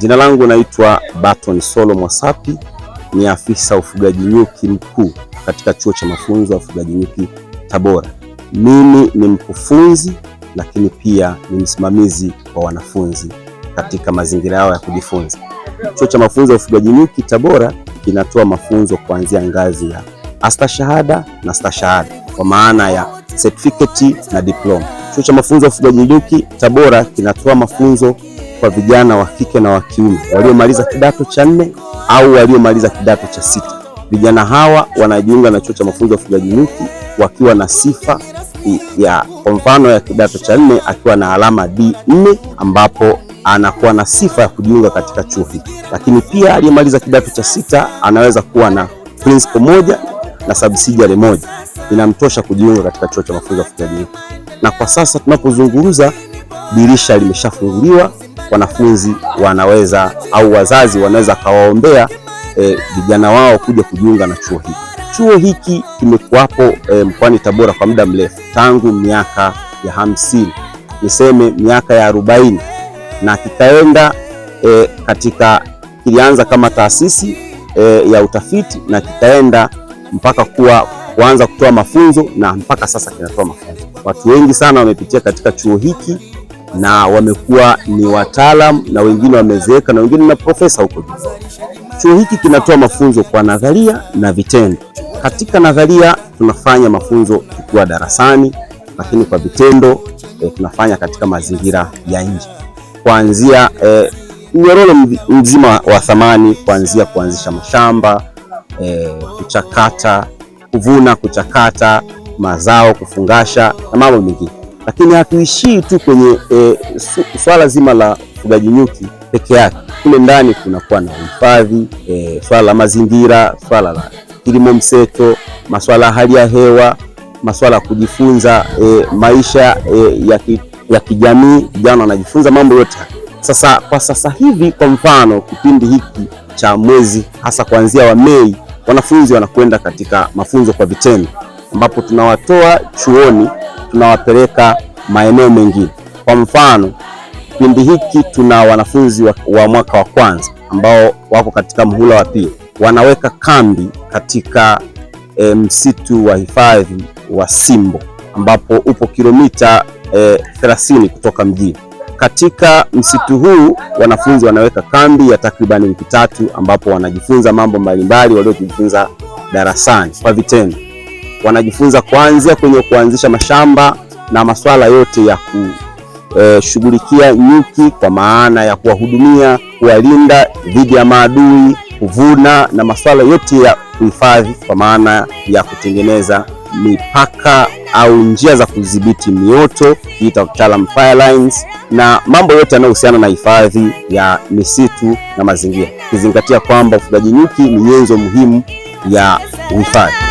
Jina langu naitwa baton Solo Mwasapi, ni afisa ufugaji nyuki mkuu katika chuo cha mafunzo ya ufugaji nyuki Tabora. Mimi ni mkufunzi lakini pia ni msimamizi wa wanafunzi katika mazingira yao ya kujifunza. Chuo cha mafunzo ya ufugaji nyuki Tabora kinatoa mafunzo kuanzia ngazi ya astashahada na stashahada kwa maana ya certificate na diploma. Chuo cha mafunzo ya ufugaji nyuki Tabora kinatoa mafunzo kwa vijana wa kike na wa kiume waliomaliza kidato cha nne au waliomaliza kidato cha sita. Vijana hawa wanajiunga na chuo cha mafunzo ya ufugaji nyuki wakiwa na sifa ya kwa mfano ya kidato cha nne akiwa na alama D4 ambapo anakuwa na sifa ya kujiunga katika chuo hiki. Lakini pia aliyemaliza kidato cha sita anaweza kuwa na principal moja na subsidiary moja, inamtosha kujiunga katika chuo cha mafunzo ya ufugaji nyuki. Na kwa sasa tunapozungumza, dirisha limeshafunguliwa wanafunzi wanaweza au wazazi wanaweza kawaombea eh, vijana e, wao kuja kujiunga na chuo hiki. Chuo hiki kimekuwapo e, mkoani Tabora kwa muda mrefu tangu miaka ya hamsini, niseme miaka ya arobaini, na kikaenda e, katika kilianza kama taasisi e, ya utafiti na kikaenda mpaka kuwa kuanza kutoa mafunzo na mpaka sasa kinatoa mafunzo. Watu wengi sana wamepitia katika chuo hiki na wamekuwa ni wataalam na wengine wamezeeka na wengine na profesa huko juu. Chuo hiki kinatoa mafunzo kwa nadharia na vitendo. Katika nadharia tunafanya mafunzo tukiwa darasani, lakini kwa vitendo e, tunafanya katika mazingira ya nje, kuanzia eh, mnyororo mzima wa thamani, kuanzia kuanzisha mashamba e, kuchakata, kuvuna, kuchakata mazao, kufungasha na mambo mengine lakini hatuishii tu kwenye e, swala zima la ufugaji nyuki peke yake. Kule ndani kunakuwa na uhifadhi e, swala la mazingira, swala la kilimo mseto, maswala ya hali ya hewa, maswala ya kujifunza e, maisha e, ya, ki, ya kijamii. Vijana wanajifunza mambo yote. Sasa kwa sasa hivi, kwa mfano kipindi hiki cha mwezi hasa kuanzia wa Mei, wanafunzi wanakwenda katika mafunzo kwa vitendo, ambapo tunawatoa chuoni tunawapeleka maeneo mengine. Kwa mfano, kipindi hiki tuna wanafunzi wa, wa mwaka wa kwanza ambao wako katika mhula wa pili, wanaweka kambi katika e, msitu wa hifadhi wa Simbo ambapo upo kilomita e, 30 kutoka mjini. Katika msitu huu wanafunzi wanaweka kambi ya takribani wiki tatu ambapo wanajifunza mambo mbalimbali waliojifunza darasani kwa vitendo wanajifunza kuanzia kwenye kuanzisha mashamba na masuala yote ya kushughulikia e, nyuki kwa maana ya kuwahudumia, kuwalinda dhidi ya maadui, kuvuna na masuala yote ya kuhifadhi kwa maana ya kutengeneza mipaka au njia za kudhibiti mioto kiita kitaalam fire lines, na mambo yote yanayohusiana na hifadhi ya misitu na mazingira, ukizingatia kwamba ufugaji nyuki ni nyenzo muhimu ya uhifadhi.